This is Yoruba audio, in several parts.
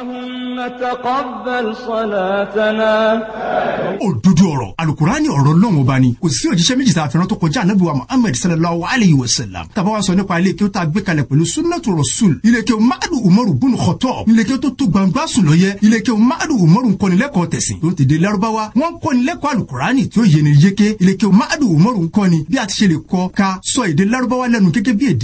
أَنذَرَهُمْ òdodo ọ̀rọ̀ alukurani ọ̀rọ̀ lọ́wọ́ bá ni kò sí òjíṣẹ́ méjì tá a fẹ́ràn tó kọjá anabi wa muhammed sallallahu alayhi wa sallam tàbá wa sọ nípa ilé kí ó ta gbé kalẹ̀ pẹ̀lú sunnatu rasul ilé kí o madu umaru bunu kọtọ ilé kí o tó tó gbangba sùn lọ yẹ ilé kí o madu umaru nkọ́nilẹ́kọ̀ọ́ tẹ̀sìn tó ń tẹ̀dé larubawa wọn kọ́nilẹ́kọ̀ọ́ alukurani tí ó yẹni yeke ilé kí o madu umaru nkọ́ni bí a ti ṣe lè kọ ka sọ èdè larubawa lẹ́nu gẹ́gẹ́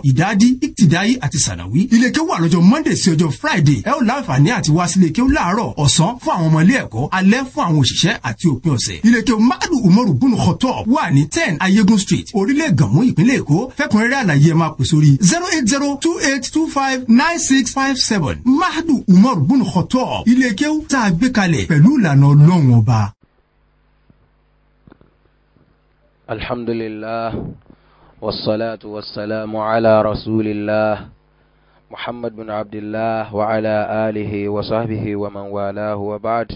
bí ìtìdádi ìtìdáyí àti sànàwí. ilé kéwú wà lọ́jọ́ monday sí ọjọ́ friday ẹ ó láǹfààní àti wá sílé kéwú láàárọ̀ ọ̀sán fún àwọn ọmọ ilé ẹ̀kọ́ alẹ́ fún àwọn òṣìṣẹ́ àti òpin ọ̀sẹ̀. ilé kéwú madu umaru bunu kọtọ wà ní ten ayégun street orílẹ̀ gànmú ìpínlẹ̀ èkó fẹ́kùnrẹ́rẹ́ àlàyé ẹ máa pè sórí zero eight zero two eight two five nine six five seven madu umaru bunu kọtọ ilé kéwú tá a gbé kalẹ̀ pẹ̀lú ìlànà ọlọ́run ọba. alhamdulilah. والصلاة والسلام على رسول الله محمد بن عبد الله وعلى آله وصحبه ومن والاه وبعد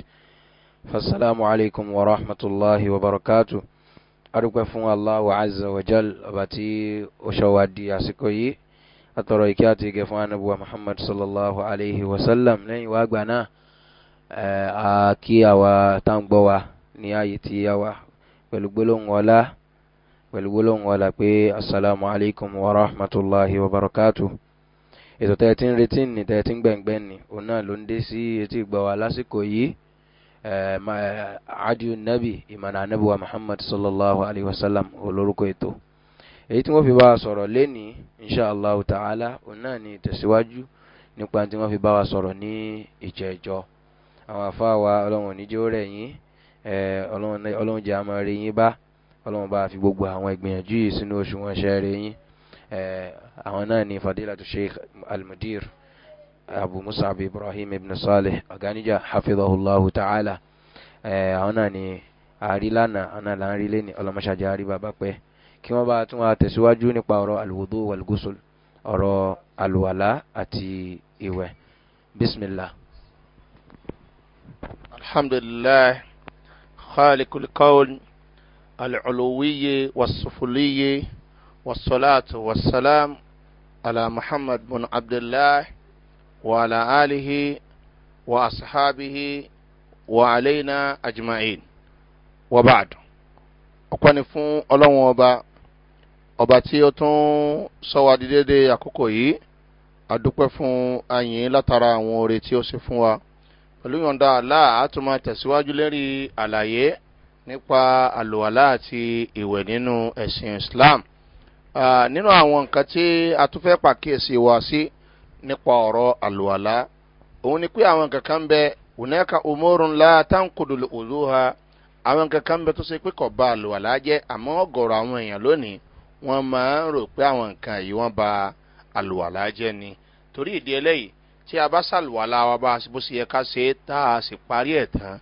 فالسلام عليكم ورحمة الله وبركاته أرجو فون الله عز وجل باتي أشوادي أسكوي أتريكاتي ìkẹ́ àti محمد صلى الله عليه وسلم alayhi wa أكيا lẹ́yìn wá gbà náà a pẹ̀lú gbólóhùn wàlà pé asalaamu alaykum wa rahmatulahi wa barakatu. ètò tẹ́ẹ̀tì ń retí ní tẹ́ẹ̀tì ń gbẹ̀ngbẹ́ ní òun náà ló ń dé sí etí ìgbọ́ wa lásìkò yìí adiu nabi ìmọ̀nà anabi wa muhammad sallallahu alayhi wa sallam olórúkọ ètò. èyí tí wọ́n fi bá wa sọ̀rọ̀ lẹ́ni inshallah ta'ala òun náà ni tẹ̀síwájú nípa tí wọ́n fi bá wa sọ̀rọ̀ ní ìjẹ́jọ́ àwọn àfáà wa ọlọ́run oníjó rẹ̀ yín ọlọ́run jẹ́ àmọ́ rẹ̀ yín bá ọlọ́run bá fi gbogbo àwọn ìgbìyànjú yìí sínú oṣù wọn ṣẹ́rẹ̀ yín àwọn náà ni fadilatu sheikh almudir abu musab ibrahim ibn saleh ọ̀gánijà hafidhahullahu ta'ala àwọn náà ni àárí lánàá àwọn náà là ń rí lẹ́ni ọlọ́mọṣájà àárí bàbá pẹ́ kí wọ́n bá tún wá tẹ̀síwájú nípa ọ̀rọ̀ alwudu walgusul ọ̀rọ̀ alwala àti ìwẹ̀ bismillah. alhamdulilayi khaalikul kawul. العلوي والسفلي والصلاة والسلام على محمد بن عبد الله وعلى آله وأصحابه وعلينا أجمعين وبعد أكون فون ألون وبا ọba tí ó tún sọwọ́ dídéde àkókò yìí àdúpẹ́ fún ayìn látara àwọn oore tí ó ṣe fún wa pẹ̀lú yọ̀ǹda àlá àtúmọ̀ tẹ̀síwájú lérí àlàyé nípa àlùwàlá àti ìwẹ̀ nínú ẹ̀sìn islam nínú àwọn nǹkan tí a tún fẹ́ pàkíyèsí wa sí nípa ọ̀rọ̀ àlùwàlá òun ni pé àwọn nǹkan kan bẹ ònẹ́ka òmórun la táǹkòdò òdó ha àwọn nǹkan kan bẹ tó ṣe pé kò ba àlùwàlá jẹ́ àmọ́ ọ̀gọ̀rọ̀ àwọn èèyàn lónìí wọ́n máa ń rò pé àwọn nǹkan yìí wọ́n ba àlùwàlá jẹ́ ni torí ìdí eléyìí tí a bá ṣàlùwàlá wa bá bó ṣe yẹ ká ṣe tá a sì parí ẹ̀ tán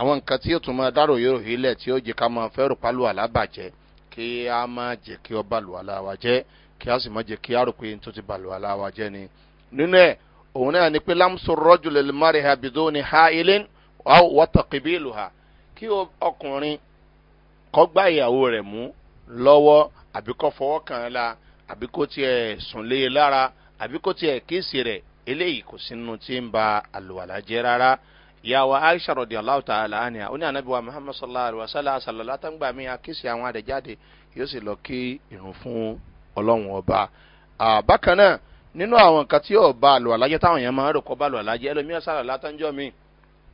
àwọn nǹkan tí yóò tún máa dárò yóò rí lẹ̀ tí ó jẹ́ ká máa fẹ́rù pálù àlábàjẹ́ kí a máa jẹ́ kí ọ bàlù aláwa jẹ́ kí a sì máa jẹ́ kí a rò pé tó ti bàlù aláwa jẹ́ ni. nínú ẹ̀ òun náà ni pé lámsọ rọ́jò lè mari ha bìdó ni ha ilé wọ́tọ̀kì bí ìlú ha kí ọkùnrin kọ́ gbá ìyàwó rẹ̀ mú lọ́wọ́ àbí kọ́ fọwọ́ kàn án la àbí kó tiẹ̀ sùn lé e lára àbí kó tiẹ̀ kíìsì ìyàwó aisha rọ̀díọ̀láwò tá a là á ní à ó ní ànábìwá muhammad sallallahu alayhi wa sallam àṣàlọ́ látàgbà irun fún ọlọ́run ọba. bákan náà nínú àwọn nka tí yóò ba àlọ́ àlájẹ́ táwọn èèyàn máa ń rògbò bá àlọ́ mi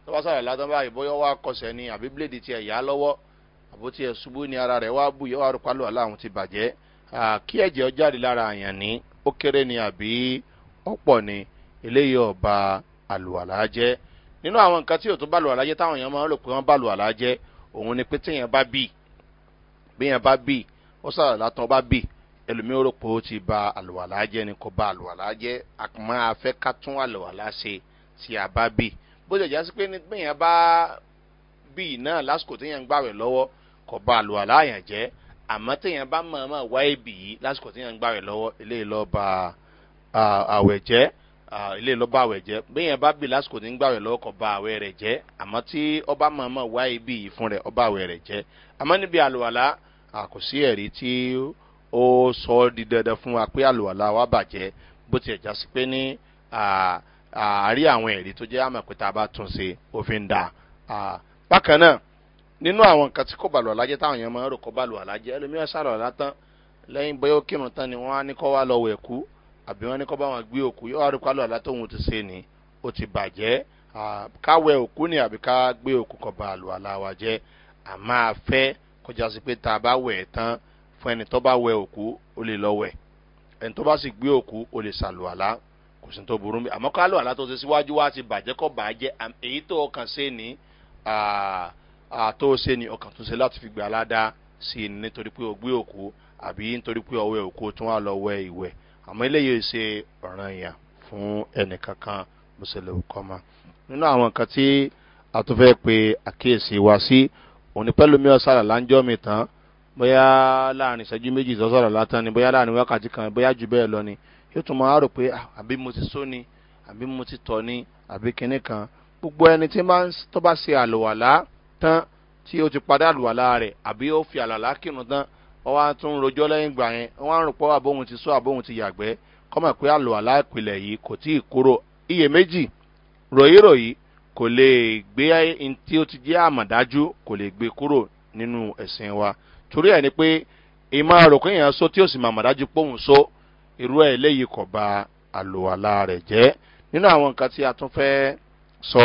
tó bá sàrà látàn báyìí ni ni ara ti ní ó kere ni àbí ni eléyìí ọba ala nínú àwọn nǹkan tí òtún bàlù àlàyé táwọn èèyàn máa ń lò pé wọ́n bàlù àlàjẹ òun ni pé téèyàn bá bì béèyàn bá bì ó sàrà látàn bá bì ẹlòmíín ó rò pé ó ti ba àlùwàlá jẹ ni kò ba àlùwàlá jẹ àmọ́ afẹ́ ká tún àlùwàlá ṣe tí a bá bì bó ṣe jásí pé béèyàn bá bì náà lásìkò téèyàn ń gbàwẹ̀ lọ́wọ́ kò ba àlùwàlá yẹn jẹ́ àmọ́ téèyàn bá mọ̀ọ́mọ̀ wáyé bì yìí lásìkò téèyàn ń gbàwẹ̀ lọ́wọ́ eléyìí lọ́ọ́ ba àwẹ̀ jẹ́ ilé lọ́ba àwẹ̀ jẹ́ bẹ́ẹ̀ bá bì lásìkò ní gbàwẹ̀ lọ́kọ̀ ba àwẹ̀ rẹ̀ jẹ́ àmọ́ tí ọba mọ̀ọ́mọ̀ wá ibi yìí fún rẹ̀ ọba àwẹ̀ rẹ̀ jẹ́ àmọ́ níbi àlùwàlá kò sí ẹ̀rí tí ó sọ ọ́ di dandan fún wa pé àlùwàlá wa bàjẹ́ bó tiẹ̀ já sí pé ní àárí àwọn ẹ̀rí tó jẹ́ àmọ̀ pé tá a bá tún ṣe òfin dà bákan náà nínú àwọn nǹkan tí kò bá lọ́la jẹ́ táwọn èèyàn máa ń rò kó bá jẹ́ ẹlòmíràn sàlọ́la tán lẹ́yìn bóyá ó kírun tán ni wọ́n á ní kó wá lọ́wọ́ ẹ̀kú àbí wọn ní kọ́ bá wọn gbé òkú yóò rí pálọ̀ àlá ti ṣe ni ó ti bàjẹ́ káwẹ òkú ni àbí ká gbé òkú kọ́ bá àlọ́ àlá wa jẹ́ à máa fẹ́ kọjá sí pé tá a bá wẹ̀ tán fún ẹni tó bá wẹ òkú ó lè lọ wẹ̀ ẹni tó bá sì gbé òkú ó lè sàlù àlá kò sí tó burú mi àmọ́ ká lọ àlá tó ṣe síwájú wá ti bàjẹ́ kọ́ bàjẹ́ èyí tó ọkàn ṣe ni tó ṣe ni ọkàn tó ṣe láti fi gbà ládàá sí i nítorí pé o gbé òkú àbí nítorí pé ọwọ́ òkú tó wà lọ ìwẹ̀ àmọ́ eléyìí ṣe ọ̀ràn èèyàn fún ẹnìkankan bó ṣe lè kọ́ ma nínú àwọn nǹkan tí a tún fẹ́ pe àkíyèsí wa sí òní pẹ́lú mi ọ̀sára láńjọ́ mi tán bóyá láàrin ìṣẹ́jú méjì ìsọ́sọ̀rọ̀ látàn ni bóyá láàrin wákàtí kan bóyá jù bẹ́ẹ̀ lọ ni yóò tún máa rò pé ah, àbí mo ti só ni àbí mo ti tọ̀ ni àbí kinní kan gbogbo ẹni tí tó bá ṣe àlùwàlá tán tí ó ti padà àlùwàlá rẹ̀ àbí ó fi àlàlá kírun tán wọ́n wá tún rojọ́ lẹ́yìn gbà yẹn wọ́n á rò pọ́ àbóhun ti sọ àbóhun ti yàgbẹ́ kọ́mọ̀ pé àlọ́ aláìpìlẹ̀ yìí kò tí ì kúrò iyèméjì ròyìnròyìn kò lè gbé ẹni tí ó ti jẹ́ àmọ̀dájú kò lè gbé kúrò nínú ẹ̀sìn wa torí ẹ̀ ni pé ìmọ̀ àròkọ èèyàn sọ tí ó sì mọ̀ àmọ̀dájú pòun sọ irú ẹ̀ léyìí kò ba àlòwàlà rẹ̀ jẹ́ nínú àwọn nǹkan tí a tún fẹ́ sọ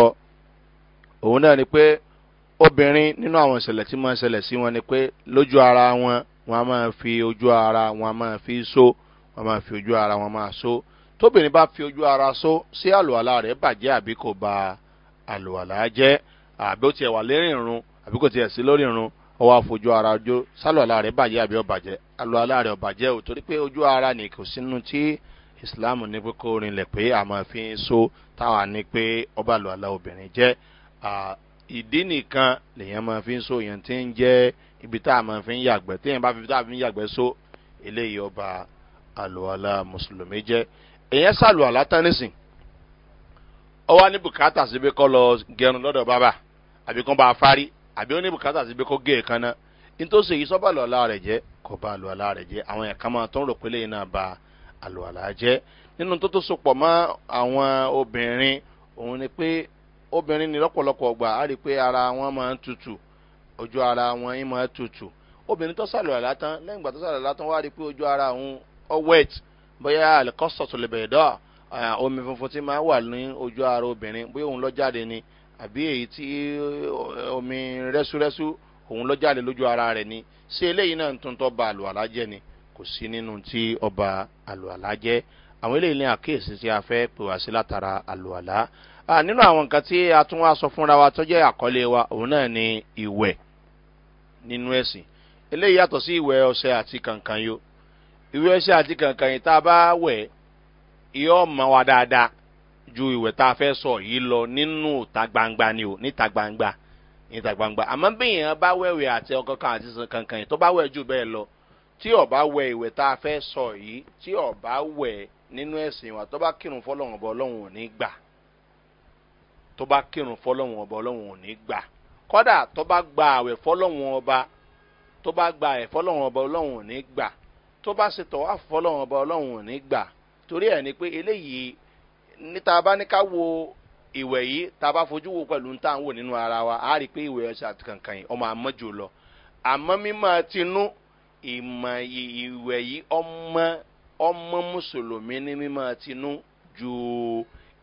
òun náà ni pé obìnrin nínú àwọn ìṣẹ̀lẹ̀ tí wọ́n ń ṣẹlẹ̀ sí wọn ni pé lójú ara wọn wọn a máa fi ojú ara wọn a máa fi so wọn a máa fi ojú ara wọn a máa so tóbìnrin bá fi ojú ara so sí àlùwàlá rẹ̀ bàjẹ́ àbí kò ba àlùwàlá jẹ́ àbí ó tiẹ̀ wà lérí irun àbí kò tiẹ̀ sí lórí irun ọwọ́ àfojú ara ojú sálùwàlá rẹ̀ bàjẹ́ àbí ọ̀bàjẹ́ àlùwàlá rẹ̀ ọ̀bàjẹ́ ò torí pé ojú ara ni kò sínú tí islam ní pé kó rinlẹ̀ pé àmọ́ fi ń so táwa ní pé ọba obìnrin jẹ́ ìdí nìkan lèyàn máa fi ń so èèyàn tí ń jẹ́ ibi tá a máa fi ń yàgbẹ́ téèyàn bá fi ibi tá a fi ń yàgbẹ́ so eléyìí ọba àlùwàlà mùsùlùmí jẹ́ èèyàn sàlùwàlà tán nísìn ó wá ní bùkátà síbi kọ́ lọ gẹrun lọ́dọ̀ bàbà àbí kọ́ bá a fárí àbí ó ní bùkátà síbi kọ́ gé èèkan náà nítòsí èyí sọ́ba àlùwàlà rẹ̀ jẹ́ kò ba àlùwàlà rẹ̀ jẹ́ àwọn ẹ̀ka máa tó ń rò pé lẹ́yìn náà ba àlùwàlà jẹ́ nínú tó tó sopọ̀ mọ́ àwọn obìnrin òun ni pé obìnrin ní lọ́pọ̀lọpọ̀ gbà á rí i pé ara wọn máa ń tutù ojú ara wọn yín máa tutù obìnrin tó sàlùwà látán lẹ́yìn ìgbà tó sàlùwà látán wá rí i pé ojú ara òun ọ wet bóyá àlẹ́kọ́sọ̀ tó lè bẹ̀rẹ̀ dọ́ omi funfun tí máa wà ní ojú ara obìnrin bóyá òun lọ jáde ni àbí èyí tí omi rẹ́súrẹ́sú òun lọ jáde lójú ara rẹ̀ ni ṣé eléyìí náà ń tún tọ́ ba àlùwàlá jẹ́ ni kò sí nínú tí ọba àlùwàlá jẹ́ àwọn eléyìí ní àkíyèsí tí a fẹ́ pè wá sí látara àlùwàlá nínú àwọn nǹkan tí a tún wá sọ fúnra wa tó jẹ́ àkọlé wa òun náà ni ìwẹ̀ nínú ẹ̀sìn eléyìí yàtọ̀ sí ìwẹ̀ ọṣẹ àti kankan yo ìwẹ̀ ọṣẹ àti kankan yìí tá a bá wẹ̀ yóò mọ wa dáadáa ju ìwẹ̀ tá a fẹ́ sọ yìí lọ nínú ìta gbangba ni o níta gbangba níta gbangba àmọ́ bí èèyàn bá wẹ̀wẹ̀ àti ọkọ̀kan àti kankan yìí tó bá wẹ̀ jù bẹ́ẹ̀ lọ tí ọba wẹ ìwẹ̀ tá a fẹ́ sọ yìí tí ọba wẹ̀ nínú ẹ̀sìn wa tó bá kírun fọlọ́run bọ́ ọlọ́run ò ní gbà tó bá kírun fọlọ́wọ́n ọba ọlọ́wọ́n ò ní gbà kọ́dà tó bá gba àwẹ̀ fọlọ́wọ́n ọba tó bá gba àwẹ̀ fọlọ́wọ́n ọba ọlọ́wọ́n ò ní gbà tó bá ṣe tọ̀ àfọlọ́wọ́n ọba ọlọ́wọ́n ò ní gbà torí ẹ̀ ni pé eléyìí níta bá ní ká wo ìwẹ̀ yìí tá a bá fojú wo pẹ̀lú ń tà wò nínú ara wa a rí i pé ìwẹ̀ ọ̀sẹ̀ àtìkànkàn yìí ọmọ àmọ́jò lọ àmọ́ mímọ́ tinú ìmọ̀ ìwẹ̀ yìí ọmọ ọmọ mùsùlùmí ní mímọ́ tinú ju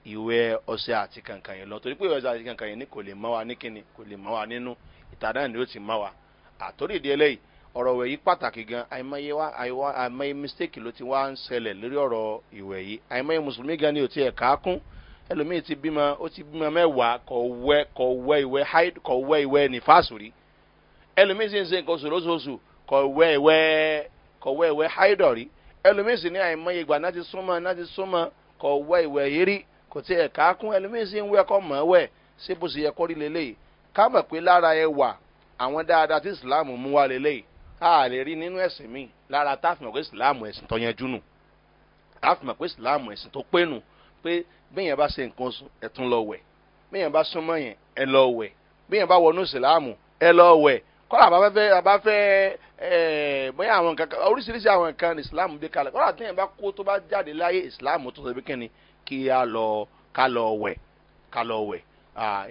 ìwẹ ọsẹ àti kankan yẹn lọ torí pé ìwẹ ọsẹ àti kankan yẹn ni kò lè mọ wa ní kíni kò lè mọ wa nínú ìta ni ó ti mọ wa àtòrí ìdí eléyìí ọ̀rọ̀ ìwẹ̀ yìí pàtàkì gan àìmọye wa àìwá àìmọye mistake ló ti wá ń ṣẹlẹ̀ lórí ọ̀rọ̀ ìwẹ̀ yìí àìmọye mùsùlùmí gan ni ò ti ẹ̀ káàkún ẹlòmíì ti bímọ ó ti bímọ mẹ́wàá kọ̀ wẹ́ ìwẹ́ hide kọ̀ wẹ́ ìwẹ́ nífàsórí ẹlòmíì sì ń ṣe nǹkan oṣù lóṣooṣù kọ̀ wẹ́ ìwẹ́ kọ̀ wẹ́ ìwẹ́ hide rí ẹlòmíì sì ní àìmọye ìgbà náà ti súnmọ́ náà ti súnmọ́ kọ̀ wẹ́ ìwẹ́ yìí rí kò tí ẹ̀ ká kún ẹlòmíín sì ń wẹ̀ kọ́ mọ̀ ẹ́ wẹ̀ ṣé bó ṣe yẹ kọ́rí lélẹ́yìí ká mọ̀ pé lára ẹwà àwọn dáadáa tí islam mú wá lélẹ́yìí a lè rí nínú ẹ̀sìn mi lára tá a fi mọ̀ pé islam ẹ̀sìn tó yẹn júnù a fi mọ̀ pé islam ẹ̀sìn tó pénu pé bẹ́yẹn bá ṣe nǹkan oṣù ẹ̀tún lọ wẹ̀ bẹ́yẹn bá súnmọ́ yẹn ẹ lọ wẹ̀ bẹ́yẹn bá wọnú islam ẹ lọ wẹ̀ kọ́lá bá fẹ́ bóyá àwọn nǹkan oríṣiríṣi àwọn nǹkan islam gbé kalẹ̀ kọ́lá tẹ́yìn bá kó tó bá jáde láyé islam tó ṣe bí kẹ́ni kí a lọ ká lọ wẹ̀ ká lọ wẹ̀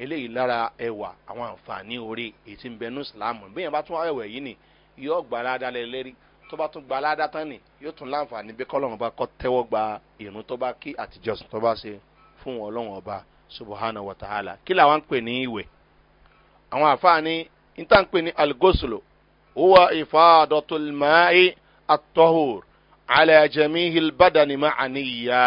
eléyìí lára ẹwà àwọn àǹfààní orí èyí tí ń bẹnu sìláàmù bí yẹn bá tún ẹwẹ̀ yìí ni yóò gbà ládàá lẹ́lẹ́rí tó bá tún gba aládá tán ni yóò tún láǹfààní bí kọ́lọ́hún bá kọ́ tẹ́wọ́ gba ìrún tó bá kí àtijọ́sìn tó bá ṣe fún ọlọ́run ọba subahana watahala kí làwọn ń pè ní ìwẹ̀ àwọn àfáàní níta ń pè ní algosolo huwa ifadotulmaai atohur alajamihil badanima aniya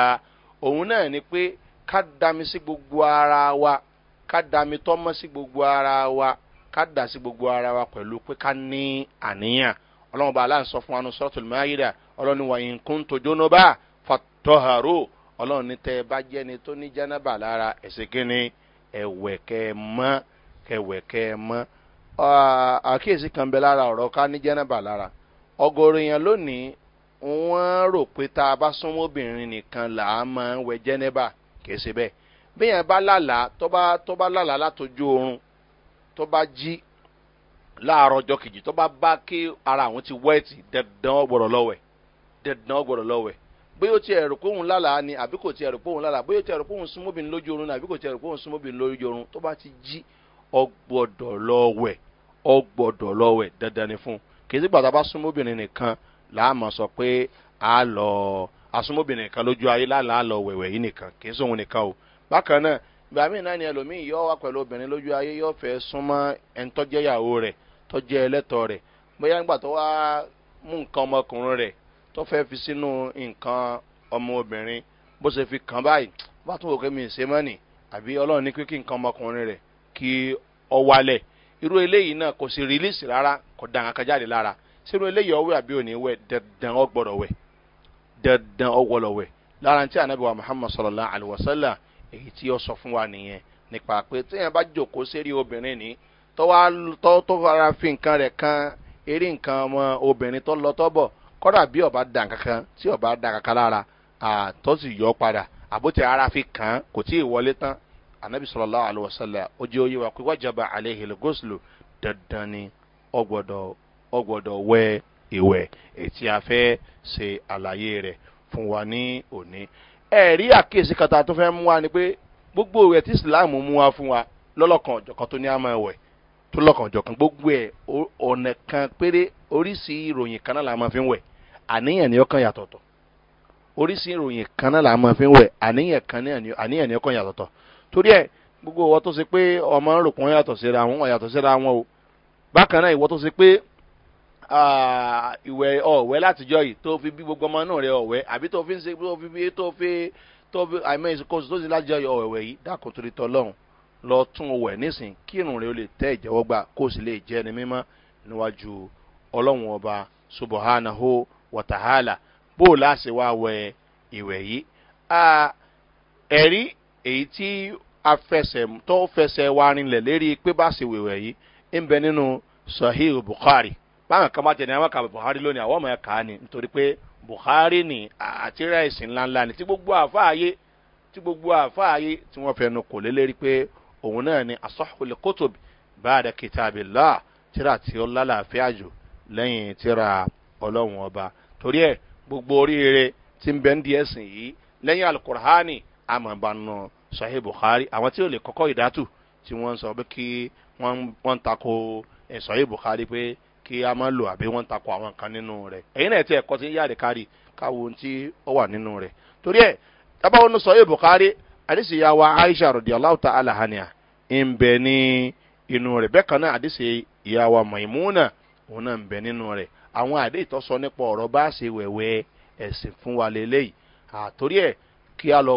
òun náà ni pé ká dami sí gbogbo ara wa ká dami tọ́mọ́ sí gbogbo ara wa ká dà sí gbogbo ara wa pẹ̀lú pé ká ní àníyàn ọlọ́run bá aláǹ sọ fún wa ní sọ́ọ̀tù lùmáyìdá ọlọ́run ní wàyí nǹkan tó jóná bá fatọ́hárò ọlọ́run ní tẹ́ ẹ bá jẹ́ni tó ní jẹ́nàbà lára ẹ̀sìn kínní ẹ̀wẹ̀ kẹ́ ẹ mọ́ kẹwẹ̀ kẹ́ ẹ mọ́ àkíyèsí kan bẹ lára ọ̀rọ̀ ká ní jẹ́nàbà lára ọgọ́rin yẹn lónìí wọ́n rò pé tá a bá súnmọ́ obìnrin nìkan là á máa ń wẹ jẹ́nẹ́bà kìí ṣe bẹ́ẹ̀ bíyàn bá lálàá tó bá tó bá lálàá látọjú oorun tó bá jí láàárọ̀ ọjọ́ kejì tó bá bá kí ara àwọn ti wẹ́ẹ̀tì dandan ọgbọ̀rọ̀ lọ́wẹ̀ dandan ọgbọ̀rọ̀ lọ́wẹ̀ bóyá o ti ẹ̀rù pé òun lálàá ni àbí kò ti ẹ̀rù pé òun lálàá bóyá o ti ẹ̀rù pé òun súnmọ́ obìnrin lójú oorun ni àbí kò ti ẹ̀rù pé òun súnmọ́ obìnrin lójú oorun tó bá ti jí ọgbọ̀dọ̀ lọ́wẹ̀ ọgbọ̀dọ̀ lọ́wẹ̀ dandan ni fún kì í sí gbàtà bá súnmọ́ obìnrin nìkan láàmọ̀ sọ pé a lọ asúnmọ́bìnrin kan lójú ayé lálàá lọ wẹ̀wẹ̀ yìí nìkan kì í sóhun nìkan o bákan náà ìgbà míì náà ni ẹlòmíì yọ wá pẹ̀lú obìnrin lójú ayé yọ fẹ́ súnmọ́ ẹni tọ́jẹ́ ìyàwó rẹ̀ tọ́jẹ́ ẹlẹ́tọ̀ rẹ̀ bóyá nígbà tó wá mú nǹkan ọmọkùnrin rẹ̀ tó fẹ́ fi sínú nǹkan ọmọbìnrin bó ṣe fi kàn báyìí bá tó wò kémi ṣe mọ́nì àbí ọlọ́run ní kí nǹkan ọmọkùnrin rẹ̀ kí ọ wálẹ̀ irú eléyìí náà kò sí rìlíìsì rárá kò dàn kankan jáde lára sínú eléyìí ọwẹ àbí òní wẹ dandan ọgbọdọ wẹ dandan ọgbọdọ wẹ lára tí anabi wa muhammad sallallahu alayhi wa sallam èyí tí ó sọ fún wa nìyẹn nípa pé téèyàn bá jòkó sérí obìnrin ni tó fara fi nǹkan rẹ̀ kan eré nǹkan ọmọ obìnrin tó lọ tọ́bọ̀ kọ́dà bí ọba dàn kankan tí ọba dàn kankan lára àtọ́ sì yọ padà àbótí ara fi kàn án kò tí ì wọlé tán anabi sallallahu alayhi wa sallam ó jẹ́ oyé wa pé wájàba aleyhi lagoslo dandan ni ọgbọ́dọ̀ ọgbọ̀dọ̀ wẹ ìwẹ̀ ètí a fẹ́ ṣe àlàyé rẹ̀ fún wa ní òní. ẹ̀rí àkíyèsí kata tó fẹ́ mú wa ni pé gbogbo rẹ̀ tí islam mú wa fún wa lọ́lọ́kan ọ̀jọ̀kan tó ní àmọ́ ẹ̀wẹ̀ tó lọ́kan ọ̀jọ̀kan gbogbo ẹ̀ ọ̀nà kan péré oríṣi ìròyìn kan náà la máa fi ń wẹ̀ àníyàn ni ọkàn yàtọ̀tọ̀ oríṣi ìròyìn kan náà la máa fi ń wẹ̀ àníyàn kan àníyàn ni ọkàn yàtọ̀tọ̀ torí ẹ̀ gbogbo ìwọ tó ṣe pé ọmọ ń rò pọ́n yàtọ̀ síra wọn yàtọ̀ síra wọn o bákan náà ìwọ tó ṣe pé ìwẹ̀ ọ̀wẹ́ látijọ́ yìí tó fi bí gbogbo ọmọ náà rẹ ọ̀wẹ́ àbí tó fi ń ṣe tó fi bí tó fi tó fi àìmọ́ ìsìnkó tó ṣe látijọ́ yìí ọ̀wẹ́ yìí dákò torí tọ́lọ́run lọ tún wẹ̀ nísìn kí irun rẹ ó lè tẹ́ ìjẹ́wọ́ gbà kó o sì lè jẹ́ ẹni mímọ́ níwájú ọlọ́run ọba subahánahu wàtàhálà bó o láṣẹ wá wẹ ìwẹ̀ yìí ẹ̀rí èyí tí afẹsẹ̀ tó fẹsẹ̀ wa rinlẹ̀ lérí pé bá ṣe wẹ̀wẹ̀ yìí ń bẹ nínú sahih bukhari báwọn kan bá tẹ̀lé àwọn kan buhari lónìí àwọn ọmọ ẹ̀ kà á ni nítorí pé buhari ni àtìrẹ́ ìsìn ńláńlá ni tí gbogbo àfáàyè tí gbogbo àfáàyè tí wọ́n fẹnu kò lé lérí pé òun náà ni asọ́kùnlé kótó báàdà kìtàbí là tíra tí ó lálàáfíà jù lẹ́yìn tíra ọlọ́run ọba torí ẹ̀ gbogbo oríire tí ń bẹ ń di ẹ̀sìn yìí lẹ́yìn alukur'ani amọ̀bánu sahih buhari àwọn tí ó lè kọ́kọ́ ìdátù tí wọ́n sọ pé kí wọ́n ń tako buhari pé kí a máa lò àbí wọ́n ń takò àwọn nǹkan nínú rẹ̀ èyí náà ti ẹ̀kọ́ ti ń kárí káwo ohun tí ó wà nínú rẹ̀ torí ẹ̀ tábàwọn ní wa aisha rọ̀dì aláwùtá alahania ń bẹ ní inú rẹ̀ bẹ́ẹ̀ kan náà wa maimuna òun náà ń bẹ nínú rẹ̀ àwọn àdé ìtọ́sọ nípa ọ̀rọ̀ bá ṣe wẹ̀wẹ̀ ẹ̀sìn fún wa lélẹ́yìí ẹ̀ kí a lọ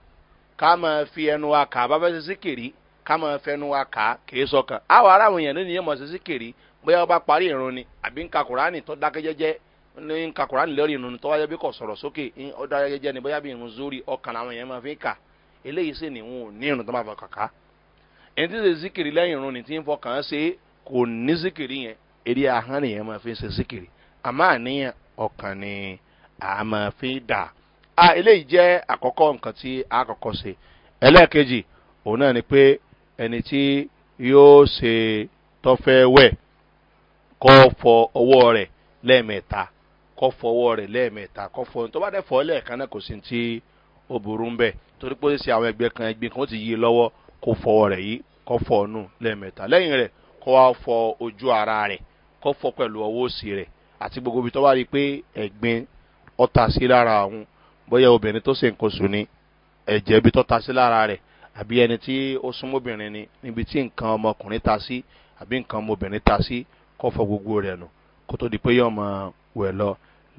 Kama máa fi ẹnu zikiri, kama bá fẹ́ ṣe síkìrì ká máa fẹnu wa kà kìí sọkàn àwọn ará àwọn èèyàn lónìí yẹn mọ̀ ṣe síkìrì bóyá ọba parí ni àbí nka kùránì tó dákẹ́ jẹ́jẹ́ ní nka kùránì lórí ìrun tó wáyé bí kò sọ̀rọ̀ sókè ó dákẹ́ jẹ́jẹ́ ni bóyá bí ìrun zórí ọkàn fi kà eléyìí sì ni wọn ò ní ìrun tó máa fọ kàkà ẹni se, ṣe síkìrì lẹ́yìn ìrun ni tí ń fọkàn ṣe kò ní síkìrì yẹn eré ahọ́n nìyẹn máa fi ṣe síkìrì àmọ́ àníyàn ọkàn ni àá máa fi dà a eléyìí jẹ́ àkọ́kọ́ nǹkan tí a kọ́kọ́ ṣe ẹlẹ́ẹ̀kejì òun náà ni pé ẹni tí yóò ṣe tọ́fẹ́ wẹ̀ kọ́ fọ ọwọ́ rẹ̀ lẹ́ẹ̀mẹ́ta kọ́ fọ ọwọ́ rẹ̀ lẹ́ẹ̀mẹ́ta kọ́ fọ tó bá dẹ̀ fọ lẹ́ẹ̀kan náà kò sí ti ó burú ń bẹ̀ torí pé ó ṣe àwọn ẹgbẹ́ kan ẹgbẹ́ kan ó ti yí lọ́wọ́ kó fọ rẹ̀ yìí kọ́ fọ ọ̀nù lẹ́ẹ̀mẹ́ta lẹ́yìn rẹ̀ kọ́ wá fọ ojú ara rẹ̀ kọ́ fọ pẹ̀lú ọwọ́ òsì rẹ̀ àti gbogbo ibi tó bá rí i pé ẹ̀gbin ọ̀tà sí lára òun bóyá obìnrin tó ṣe nǹkan oṣù ni ẹ̀jẹ̀ ibi tó ta sí lára rẹ̀ àbí ẹni tí ó súnmọ́ obìnrin ni níbi tí nǹkan ọmọkùnrin ta sí àbí nǹkan ọmọbìnrin ta sí kó fọ gbogbo rẹ̀ nù kó tó di pé yóò mọ wẹ̀ lọ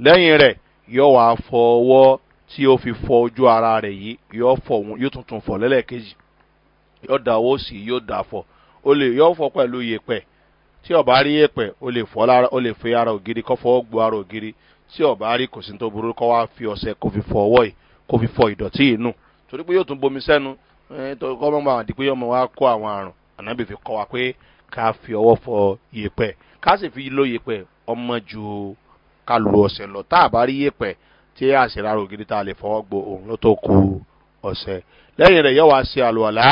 lẹ́yìn rẹ̀ yóò wá fọ ọwọ́ tí ó fi fọ ojú ara rẹ̀ yìí yóò fọ òun tuntun fọ lẹ́lẹ́kejì yóò da owó sí yóò da fọ o lè yóò fọ pẹ̀lú yèpẹ̀ tí ọba rí yèpẹ̀ o lè fọ ara ògiri kọ́ fọwọ́ gbo ara ògiri tí ọba rí kò sí tó burú kọ́ wá fi ọ̀sẹ̀ kò fi fọ ọwọ́ yìí kò fi fọ ìdọ̀tí inú torí pé yóò tún bomi sẹ́nu kọ́ mọ́ àwọn àdìpé yọmọ wa kó àwọn àrùn ànábì fi kọ́ wa pé ká fi ọwọ́ fọ yèpẹ̀ ká sì fi lo yèpẹ̀ ọmọ ju ká lu ọ̀sẹ̀ lọ tá a bá rí yèpẹ̀ tí a sì rárò gidi tá a lè fọwọ́ gbo òun ló tó ku ọ̀sẹ̀ lẹ́yìn rẹ̀ yóò wá ṣe àlùwàlá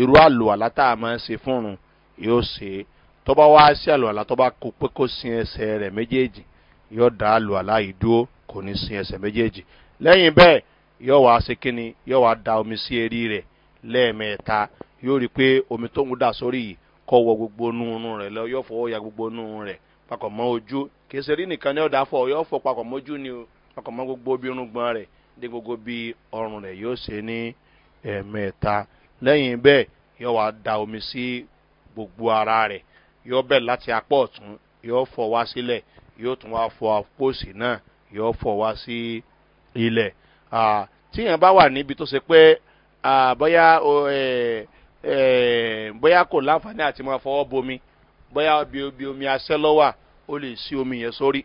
irú àlùwàlá tá a máa ń ṣe fúnrun yóò ṣe tọ́ba wá ṣe àlùwàlá tọ́ba kó pé kó sin ẹsẹ̀ rẹ̀ méjèèjì yóò dá lu aláì dúró kò ní sin ẹsẹ̀ méjèèjì lẹ́yìn bẹ́ẹ̀ yóò wá ṣe kínni yóò wá da omi sí eré rẹ̀ lẹ́ẹ̀mẹ́ta yóò rí i pé omi tó ń dà sórí yìí kọ́ wọ gbogbo nùnú rẹ̀ lọ yóò fọwọ́ ya gbogbo nùnú rẹ̀ papọ̀ mọ́ ojú kèsì rí nìkan ní ọ̀dà fọ yóò fọ papọ̀ mọ́jú ni papọ̀ mọ́ gbogbo bí irùngbọ̀n rẹ̀ dé gbogbo bí ọrùn rẹ̀ yóò ṣe ní ẹ̀ẹ̀mẹ́ta lẹ́yìn bẹ́ẹ̀ yóò wá da omi sí gbogbo ara rẹ̀ yóò bẹ̀ láti apá ọ̀tún yóò fọ wá sílẹ̀ yóò tún wá fọ àpòsí náà yóò fọ wá sí ilẹ̀ tíyẹn bá wà níbi tó ṣe pé bóyá bóyá kò láǹfààní àti máa fọwọ́ bomi bóyá bí omi asẹ́ lọ́wà ó lè sí omi yẹn sórí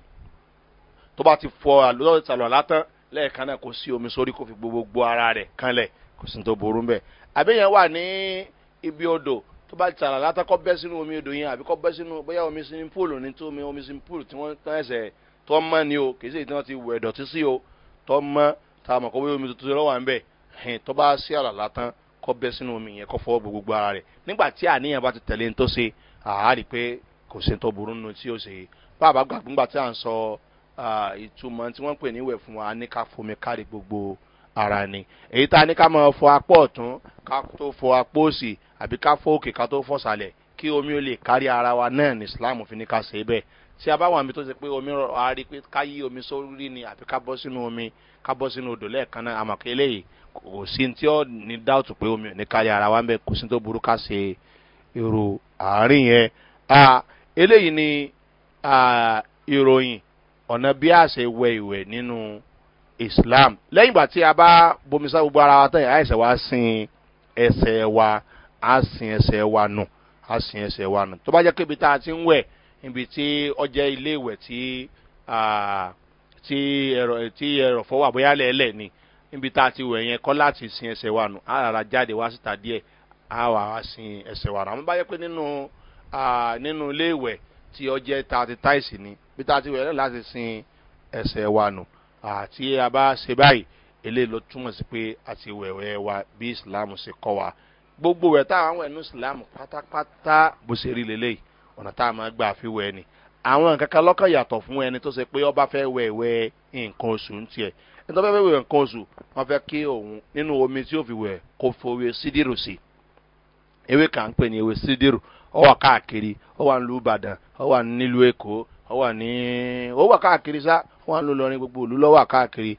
tó bá ti fọ àlọ́ látán lẹ́ẹ̀kan náà kò sí omi sórí kò fi gbogbo ara rẹ̀ kanlẹ̀ kò sí tó burú bẹ́ẹ̀ àbẹ́yẹn wà ní ibi odò tó bá tààrà látàkọ́ bẹ́ sínú omi odò yẹn àbí kọ́ bẹ́ sínú bóyá omi sínú púùlù ní tó omi omi sínú púùlù tí wọ́n tán ẹsẹ̀ tọ́ mọ́ ni o kì í sèyí tí wọ́n ti wẹ̀ dọ̀tí sí o tọ́ mọ́ tá a mọ̀ kọ́ bóyá omi tuntun lọ́wọ́ à ń bẹ̀ hìn tó bá sí àrà látàn kọ́ bẹ́ sínú omi yẹn kọ́ fọwọ́ gbogbo ara rẹ̀ nígbà tí àníyàn bá ti tẹ̀lé tó ṣe àárí pé kò sí tó burú nínú tí ó ṣe bàbá gbàgbé ńgbà tí à ń sọ ìtumọ̀ tí wọ́n pè níwẹ̀ fún wa ní ká fomi kárí gbogbo ara ni èyí tá a ní ká máa fọ apọ̀ ọ̀tún ká tó fọ apọ̀ òsì àbí ká fọ́ òkè ká tó fọ́ sàlẹ̀ kí omi ó lè kárí ara wa náà ní islam fi ní ká ṣe bẹ́ẹ̀ tí a bá wà mí tó ṣe pé omi a rí pé ká yí omi sórí ni àbí ká bọ́ sínú omi ká bọ́ sínú odò lẹ́ẹ̀kan náà àmọ́ kí eléyìí kò sí tí ó ní dáùtù pé omi ò ní kárí ara wa ń kò sí tó burú ká ṣe irú àárín yẹn eléyìí ni ìròyìn ọ̀nà bí a ṣe wẹ ìwẹ̀ nínú islam lẹ́yìn ìgbà tí a bá bomi sá gbogbo ara wa tán yìí àìsàn wa sin ẹsẹ̀ wa á sin ẹsẹ̀ wa nù á sin ẹsẹ̀ wa nù tó bá jẹ́ pé tá a ti ń wẹ̀ ibi tí ọjẹ́ ilé ìwẹ̀ tí tí tí ẹ̀rọ fọwọ́ àbóyá lẹ́ẹ̀lẹ̀ ni níbi tá a ti wẹ̀ yẹn kọ́ láti sin ẹsẹ̀ wa nù á rárá jáde wá síta díẹ̀ á wà á sin ẹsẹ̀ wa nù àmọ́ bá yẹ pé nínú nínú ilé ìwẹ̀ tí ọjẹ́ ta ti táìsì ni bí tá a ti wẹ̀ lẹ́ẹ̀ láti sin ẹsẹ̀ wa nù àti a bá ṣe báyìí eléyìí ló túmọ̀ sí pé a ti wẹ̀wẹ̀ wa bí islam ṣe kọ́ wa gbogbo wẹ̀ táwọn àwọn ẹnu islam pátápátá bó ṣe rí lélẹ́yìí ọ̀nà tá a máa gbà fi wẹ̀ ni àwọn lọ́kàn yàtọ̀ fún ẹni tó ṣe pé ọba fẹ́ wẹ̀ wẹ̀ nǹkan oṣù ń tiẹ̀ ẹni tó fẹ́ wẹ̀ nǹkan oṣù wọ́n fẹ́ kí òun nínú omi tí ó fi wẹ̀ kó fowó sídìrù sí ewé kan pè ní ewé ó wà káàkiri ó wà nílùú ìbàdàn ó wà nílùú èkó ó wà ní ó wà káàkiri sá lọrin gbogbo òlú káàkiri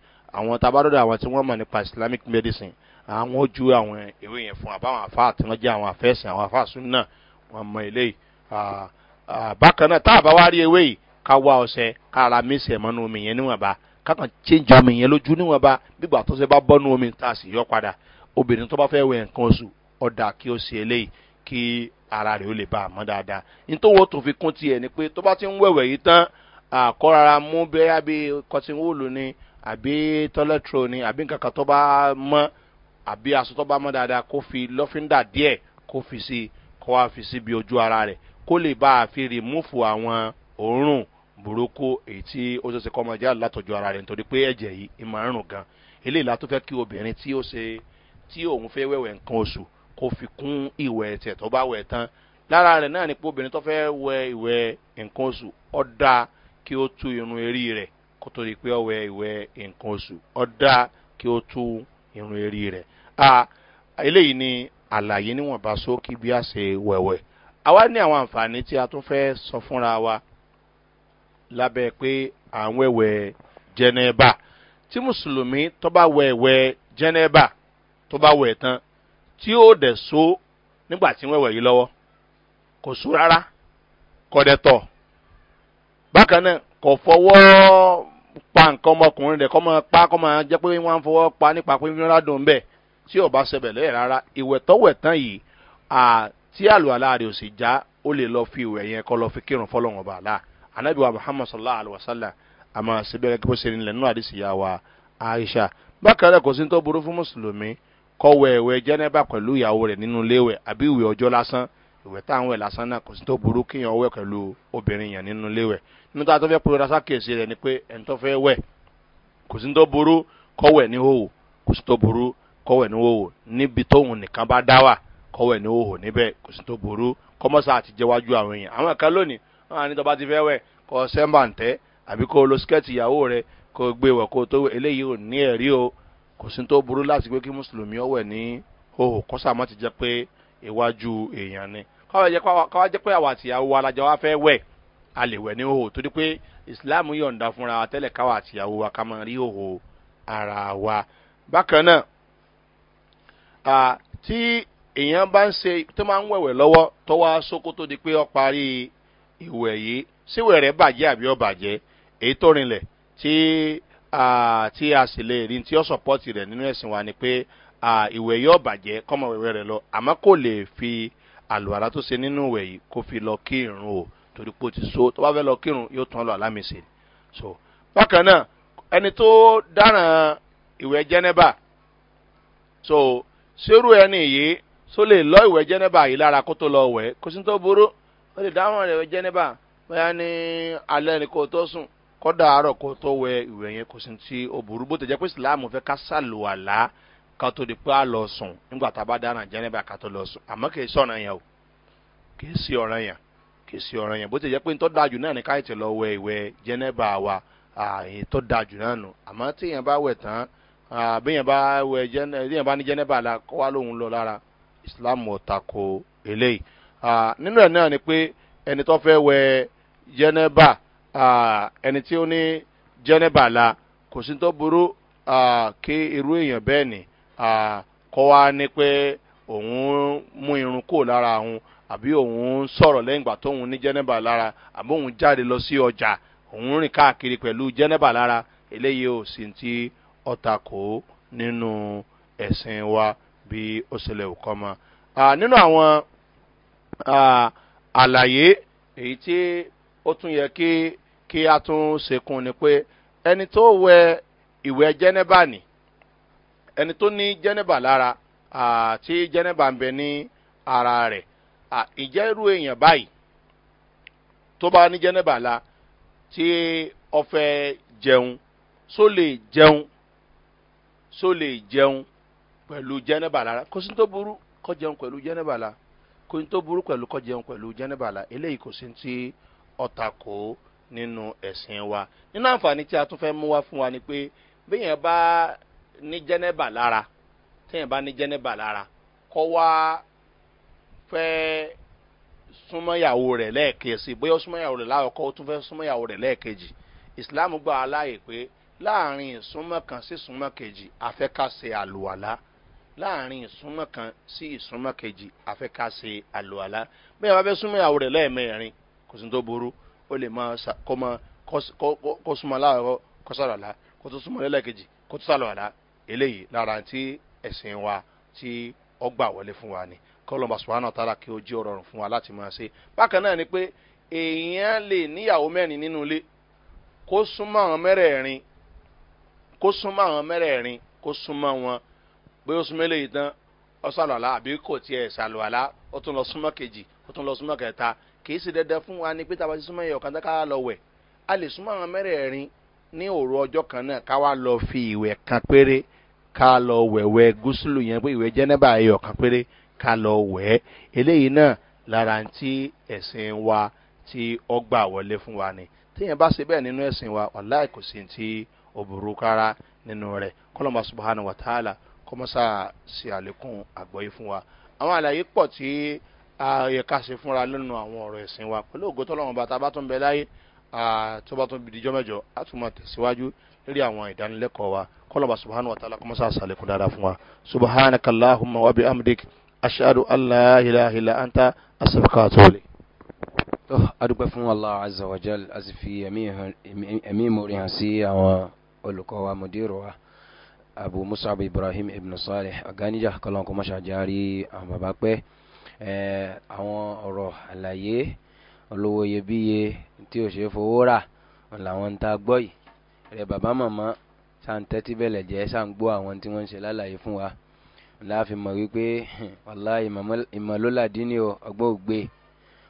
islamic medicine Ah, àwọn ojú àwọn ìwé yẹn fún àbáwọn afá àti wọn jẹ àwọn afẹsẹ àwọn afá náà wọn mọ eléyìí ah, ah, bákan náà tá a bá wá rí ewé yìí ká wá ọsẹ ká ara mísì ẹ̀ omi yẹn níwọ̀nba kákan change omi yẹn lójú níwọ̀nba bígbà tó ṣe bá bọ́nú omi tá a sì yọ padà obìnrin tó bá fẹ́ wẹ̀ nǹkan oṣù ọ̀dà kí ó ṣe eléyìí kí ara rẹ̀ ó lè bá a mọ́ dáadáa nítorí tó fi kún tiẹ̀ ni pé tó bá ti ń wẹ̀wẹ̀ yìí tán àkọ́rara mú bẹ́yà bí cotton ni àbí toiletro ni àbí nǹkan kan tó bá mọ́ àbí asọ́tọ́ba mọ́ dáadáa kó fi lọ́fíńdà díẹ̀ kó fi sí kó wá fi sí bí ojú ara rẹ̀ kó lè bá a fi rìmúfù àwọn òórùn burúkú èyí tí ó ṣe ṣe kọ́ ọmọdé látọ̀jú ara rẹ̀ nítorí pé ẹ̀jẹ̀ yìí ìmọ̀ ń rùn gan eléyìí látó fẹ́ kí obìnrin tí ó ṣe tí òun fẹ́ wẹ̀wẹ̀ nǹkan oṣù kó fi kún ìwẹ̀ ẹ̀tẹ̀ tó bá wẹ̀ tán lára rẹ̀ náà ni pé obìnrin tó fẹ́ wẹ ìwẹ̀ nǹkan oṣù ọ́ dáa kí ó tú irun eré rẹ̀ kó tó di pé ọ ìwẹ̀ nǹkan oṣù ọ́ dáa kí ó tú irun eré rẹ̀ eléyìí ni àlàyé níwọ̀nba sókí bí a ṣe wẹ̀wẹ̀ àwa ní àwọn àǹfààní tí a tún fẹ́ sọ fúnra wa lábẹ́ pé à ń wẹ̀wẹ̀ jẹnẹba tí mùsùlùmí tó bá wẹ̀wẹ̀ jẹnẹba tó bá wẹ̀ tán tí ó dẹ̀ so nígbà tí wẹ̀wẹ̀ yìí lọ́wọ́ kò sú rárá kò dẹ̀ tọ̀ bákan náà kò fọwọ́ pa nǹkan ọmọkùnrin rẹ̀ kọ́ máa pa kọ́ máa jẹ́ pé wọ́n á fọwọ́ pa nípa pé wọ́n rádùn bẹ́ẹ̀ tí ọba ṣẹbẹ̀ lẹ́yìn rárá ìwẹ̀ tọ́wẹ̀ tán yìí tí àlùwàlá rẹ̀ ò sì já ó lè lọ fi ìwẹ̀ yẹn kọ́ lọ fi kírun fọlọ́run ọba àlá anabi wa muhammad sallallahu alaihi wa sallam àmọ́ síbẹ̀rẹ̀ kí bó ṣe nílẹ̀ nínú àdìsí ya wa aisha bákan náà kò sí tó burú fún mùsùlùmí kọ́ wẹ̀ ìwẹ̀ jẹ́nẹ́bà pẹ̀lú ìyàwó rẹ̀ nínú iléèwẹ̀ àbí ìwẹ̀ ọjọ́ lásán ìwẹ̀ táwọn ẹ̀ lásán náà kò sí tó burú kíyàn wẹ̀ pẹ̀lú obìnrin yàn nínú iléèwẹ̀ nínú tó àtọ́fẹ́ pé rasa kèsì rẹ̀ ni pé ẹ̀ńtọ́fẹ́ wẹ̀ kò sí tó burú kọ́ wẹ̀ níhòòhò kò sí tó burú kọ́wẹ̀ ní wòwò níbi tóun nìkan bá dá wà kọ́wẹ̀ ní wòwò níbẹ̀ kò sí tó burú kọ́mọ́sá àti jẹ́wájú àwọn èèyàn àwọn kan lónìí wọn àní tọba ti fẹ́ wẹ̀ kọ́ sẹ́mbàǹtẹ́ àbí kó lo skẹ́ẹ̀tì ìyàwó rẹ kó gbé wẹ̀ kó tó eléyìí ò ní ẹ̀rí o kò sí tó burú láti pé kí mùsùlùmí ọ̀wẹ̀ ní hòhò kọ́sà má ti jẹ́ pé iwájú èèyàn ni káwá jẹ́ pé àwọn àtìyàwó alájà wa fẹ́ wẹ̀ a lè wẹ̀ ní hòhò torí pé ìsìláàmù yọ̀ǹda fúnra wa tẹ́lẹ̀ káwá àtìyàwó wa ká máa rí hòhò ara wa bákan náà tí èèyàn bá ń ṣe tó máa ń wẹ̀wẹ̀ lọ́wọ́ tó wá sókó tó di pé ọ parí ìwẹ̀ yìí síwẹ̀ rẹ̀ bàjẹ́ àbí ọ bàjẹ́ èyí tó rinlẹ̀ tí tí a sì lè rí tí ó sọ̀pọ́tì rẹ̀ nínú ẹ̀sìn wa ni pé ìwẹ̀ yóò bàjẹ́ kọ́mọ wẹ̀wẹ̀ rẹ̀ lọ àmọ́ kò lè fi àlùwàlá tó ṣe nínú ìwẹ̀ yìí kó fi lọ kí irun o torí pé ó ti so tó bá fẹ́ lọ kí irun yóò tún lọ àlámìsè so bákan náà ẹni tó dáràn ìwẹ̀ jẹ́nẹ́bà so. ṣerú ẹni yìí tó lè lọ ìwẹ̀ jẹ́nẹ́bà yìí lára kó tó lọ wẹ̀ kó sì tó burú ó lè dáhùn rẹ̀ jẹ́nẹ́bà bóyá ní alẹ́ ni kó tó sùn kó yẹn kó sì ti ó burú bó pé fẹ́ ká ká tó di pé a lọ sùn o kì sí ọ̀ràn yẹn sí yẹn bó pé ni lọ wẹ ìwẹ̀ jẹ́nẹ́bà wa èyí tó dáa jù náà nù àmọ́ bá wẹ̀ àbíyàn ah, bá wẹ jẹnẹbà eh, bá ní jẹnẹbà la kó wá lóun lọ lára islam ọ̀tà kò eléyìí ah, nínú ẹ̀ náà ni pé ẹni tó fẹ́ wẹ jẹnẹbà ah, ẹni tí ó ní jẹnẹbà la kò sí tó burú kí irú èèyàn bẹ́ẹ̀ ni kọ́ wá ní pé òun mú irun kó lára òun àbí òun sọ̀rọ̀ lẹ́yìn ìgbà tóun ní jẹnẹbà lára àbí òun jáde lọ sí ọjà òun rìn káàkiri pẹ̀lú jẹnẹbà lára eléyìí ò sí ti ọ̀tàkó nínú ẹ̀sìn wa bí ó ṣẹlẹ̀ òkọ́ ma. nínú àwọn àlàyé èyí tí ó tún yẹ kí kí a tún ṣekun ni pé ẹni tó wẹ ìwẹ jẹnẹba ni ẹni tó ní jẹnẹba lára tí jẹnẹba ń bẹ ní ara rẹ̀ ìjẹ́ èèyàn báyìí tó bá ní jẹnẹba la tí ọfẹ jẹun só lè jẹun só lè jẹun pẹ̀lú jẹ́nẹ́bà lára kò sí tó burú kọ́ jẹun pẹ̀lú jẹ́nẹ́bà la kò sí tó burú pẹ̀lú kọ́ jẹun pẹ̀lú jẹ́nẹ́bà la eléyìí kò sí ti ọ̀tàkó nínú ẹ̀sìn wa nínú àǹfààní tí a tún fẹ́ mú wá fún wa ni pé bíyẹn bá ní jẹ́nẹ́bà lára téèyàn ba ní jẹ́nẹ́bà lára kọ́ wá fẹ́ súnmọ́yàwó rẹ̀ lẹ́ẹ̀kejì bóyá súnmọ́yàwó rẹ̀ láwọ̀ kọ́ tún fẹ́ súnmọ́yàwó rẹ̀ lẹ́ẹ̀kejì ìsìlámù gbà á pé láàrin ìsúnmọ́ kan sí ìsúnmọ́ kejì afẹ́kàṣe àlùwàlá láàrin ìsúnmọ́ kan sí ìsúnmọ́ kejì afẹ́kàṣe àlùwàlá bẹ́ẹ̀ wá fẹ́ súnmọ́ ìyàwó rẹ̀ lẹ́ẹ̀mẹrin kò sí tó burú ó lè máa kó máa kó súnmọ́ láàárọ̀ kó sàlùwàlá kó tó súnmọ́ lẹ́lẹ́kejì kó tó sàlùwàlá eléyìí lára tí ẹ̀sìn wa tí ó gbà wọlé fún wa ni kọlọmọ subahana tara kí o jí ọrọ rùn fún wa láti máa ṣe bákan náà ni pé èèyàn lè níyàwó mẹrin nínú ilé kó súnmọ́ àwọn mẹ́rẹ̀ẹ̀rin kó súnmọ́ àwọn mẹ́rẹ̀ẹ̀rin kó súnmọ́ wọn bí ó súnmọ́ eléyìí tán ọ̀sàlọ́lá àbí kò tiẹ̀ ṣàlùwàlá ó tún lọ súnmọ́ kejì ó tún lọ súnmọ́ kẹta kìí ṣe dandan fún wa ni pé tàbá ti súnmọ́ ẹ̀yọ̀ kan ká lọ wẹ̀ a lè súnmọ́ àwọn mẹ́rẹ̀ẹ̀rin ní òru ọjọ́ kan náà ká wá lọ fi ìwẹ̀ kan péré ká lọ wẹ̀wẹ̀ gúúsùlù yẹn pé ìwẹ̀ jẹ́nẹ́bà ẹ̀yọ̀ kan péré ká lọ wẹ̀ eléyìí náà lára ti ẹ̀sìn wa tí ọgbà wọlé fún wa ni téèyàn bá ṣe bẹ́ẹ̀ nínú ẹ̀sìn wa wàláì kò sí ti ó burú kára nínú rẹ̀ kọ́lọ́mà subahana wa ta'ala kọ́mọ́sà sí àlékún àgbọ̀yé fún wa àwọn àlàyé pọ̀ tí ààyè ká ṣe fúnra lẹ́nu àwọn ọ̀rọ̀ ẹ̀sìn wa pẹ̀lú ògo tọ́lọ́wọ́n bá ta bá tún bẹ láyé tó bá tún bìdíjọ́ mẹ́jọ á tún máa tẹ̀síwájú lórí àwọn ìdánilẹ́kọ̀ọ́ wa kọ́lọ́mà subahana wa ta'ala kọ́mọ́sà sí àlékún dáadáa fún wa subahana kàláhùmá wàbí amdik ashadu allah ilaha anta asafika atole adúpẹ́ fún allah azawajal àti fi ẹ̀mí ìmọ̀ sí àwọn olùkọ́ wa mùdírò wa abu musab ibrahim ibn salih ọ̀gánijà kọ́lọ́n kó mọ́ṣá járí àwọn bàbá pẹ́ àwọn ọ̀rọ̀ àlàyé olówó iyebíye tí ò ṣe é fowó rà làwọn ń ta gbọ́ yìí rẹ bàbá màmá sáà ń tẹ́tí bẹ̀lẹ̀ jẹ́ sáà ń gbọ́ àwọn tí wọ́n ń ṣe lálàyé fún wa láàfin mọ̀ wípé ọ̀la ìmọ̀lóládì ni ọgbọ́n ògbé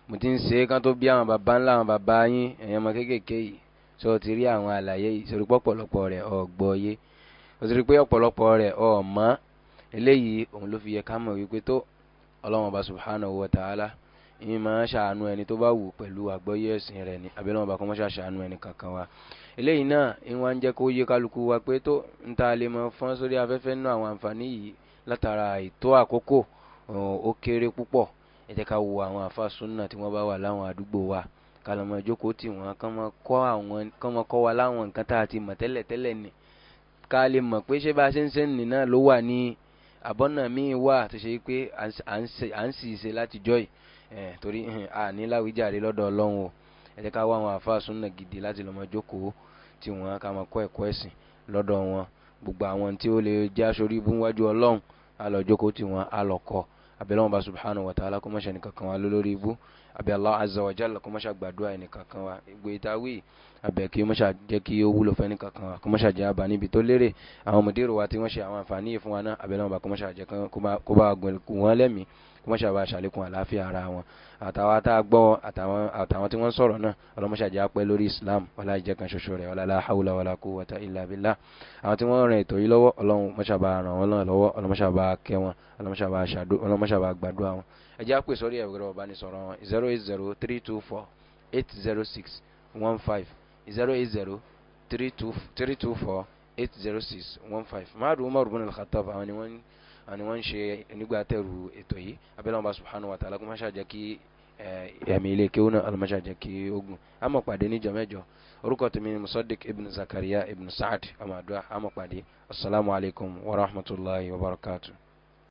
mo ti ń ṣe é kán tó bí àwọn bàbá ńlá àwọn bàbá yín ẹ̀yàn ọmọ kéékèèké yìí so o ti rí àwọn àlàyé ìsorípọ ọ̀pọ̀lọpọ̀ rẹ̀ ọgbọọyé o ti rí pé ọ̀pọ̀lọpọ̀ rẹ̀ ọmọ eléyìí òun ló fi yẹ ká mọ̀ wípé tó Ọlọ́run ọba subhanahu wa ta'ala ìyẹn máa ń ṣàánú ẹni tó bá wù pẹ̀lú àgbọ́yé ẹ̀sìn rẹ̀ ni àbí Ọlọ́run ọba kan máa ṣàṣàánú ẹni kankan wa eléyìí náà ìwọ̀n ń jẹ́ kó yé kálukú wa pé tó ń ta lè mọ fọ́n sórí afẹ́fẹ́ nínú àwọn àǹfààní yìí látara ètò àkókò ó kéré púpọ̀ ẹ ká wo àwọn àfa súnà tí wọ́n bá wà láwọn àdúgbò wa kàlọ́mọ̀ ìjókòó tì wọ́n kán mọ́ kọ́ wa láwọn nǹkan tá a ti mọ̀ tẹ́lẹ̀ ni ká lè mọ̀ pé ṣé bá a ṣe ń sẹ́ni náà ló wà ní àbọ̀nà míì wà tó ṣe pé à ń sì ṣe láti jọ́ torí à ní láwíjàre lọ́dọ̀ ọlọ́run o ẹ jẹ́ ká wá àwọn àáfàá súnà gidi láti lọ́mọ jókòó tí wọ́n ká máa kọ́ ẹ̀kọ́ ẹ̀sìn lọ́dọ̀ wọn gbogbo àwọn tí ó lè jẹ́ aṣorí bú wájú ọlọ́run á lọ jókòó tí abẹ́lẹ́wọ̀n bá subhanahu wa ta'ala kó mọ̀ṣẹ́ nìkan kan ibú àbí Allah azza wa jalla kó mọ́ṣá wa ìgbò ìtawí àbẹ̀ kí mọ́ṣá jẹ́ kí ó wúlò fẹ́ni kankan wa kó mọ́ṣá jẹ́ àbá níbi tó lérè àwọn mùdírù wa tí wọ́n ṣe àwọn àǹfààní yìí fún wa náà àbẹ̀ lọ́wọ́ kó mọ́ṣá jẹ́ kó bá gùn wọ́n lẹ́mìí kó mọ́ṣá bá ṣàlékún àlàáfíà ara wọn àtàwọn tá a àtàwọn tí wọ́n sọ̀rọ̀ náà ọlọ́mọṣà jẹ́ apẹ́ lórí Islam wọlá ìjẹ́ kan ṣoṣo rẹ̀ wọlá aláhàwùlà wọlá kó wọta ilà abilá àwọn tí wọ́n rìn ètò yìí lọ́wọ́ ọlọ́run mọ́ṣà bá ràn wọ́n lọ́wọ́ ọlọ́mọṣà bá kẹ́ wọn ọlọ́mọṣà gbàdúrà wọn ẹjẹ́ àpè sórí ẹ̀rọ ìbánisọ̀rọ̀ wọn zero eight zero three two four eight zero six one five zero eight zero three two three two four eight zero six one five mahadu umaru bin al-khattab àwọn ni wọ́n àwọn ni wọ́n ń ṣe nígbà tẹ̀rù ètò yìí abẹ́lẹ́ wọn bá subhanahu wa ta'ala kó má ṣàjẹ́ kí ẹ̀mí ilé kéwọ́n náà alamọ́ṣà jẹ́ kí ogun àmọ́ pàdé níjọ mẹ́jọ orúkọ tèmi ni musaddiq ibn Zakaria ibn sa'ad amadua àmọ́ pàdé asalaamualeykum wa rahmatulahi wa barakatuh.